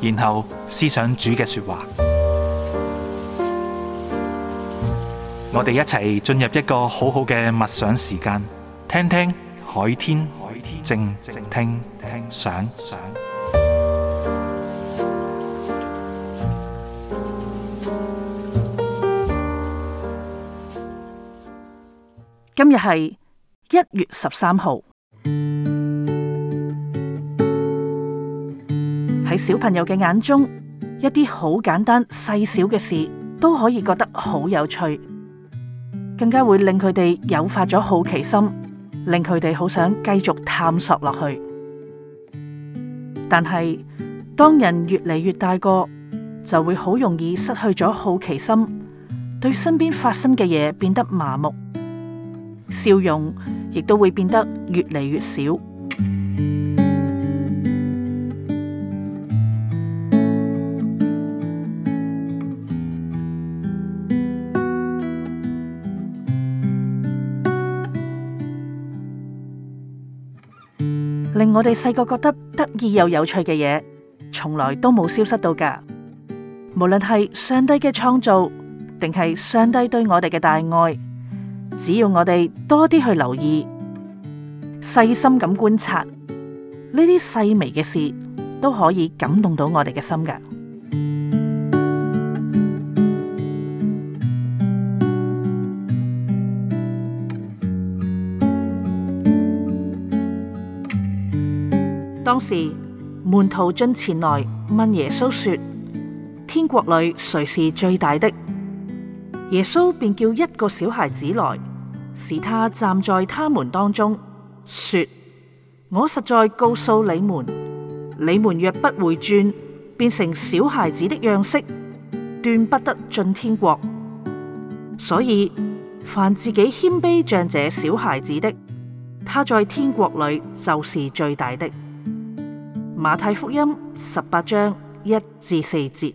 然後思想主嘅說話，我哋一齊進入一個好好嘅默想時間，聽聽海天靜聽想。今日係一月十三號。喺小朋友嘅眼中，一啲好簡單細小嘅事都可以覺得好有趣，更加會令佢哋誘發咗好奇心，令佢哋好想繼續探索落去。但係當人越嚟越大個，就會好容易失去咗好奇心，對身邊發生嘅嘢變得麻木，笑容亦都會變得越嚟越少。令我哋細個覺得得意又有趣嘅嘢，從來都冇消失到噶。無論係上帝嘅創造，定係上帝對我哋嘅大愛，只要我哋多啲去留意、細心咁觀察，呢啲細微嘅事都可以感動到我哋嘅心噶。當時門徒進前來問耶穌說：天國裡誰是最大的？耶穌便叫一個小孩子來，使他站在他們當中，說：我實在告訴你們，你們若不回轉，變成小孩子的樣式，斷不得進天國。所以，凡自己謙卑像這小孩子的，他在天國裡就是最大的。馬太福音十八章一至四節。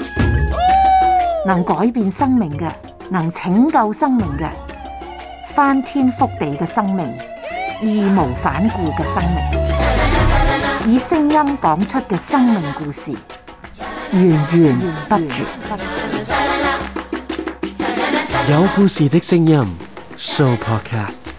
能改變生命嘅，能拯救生命嘅，翻天覆地嘅生命，義無反顧嘅生命，以聲音講出嘅生命故事，源源不絕。有故事的聲音，Show Podcast。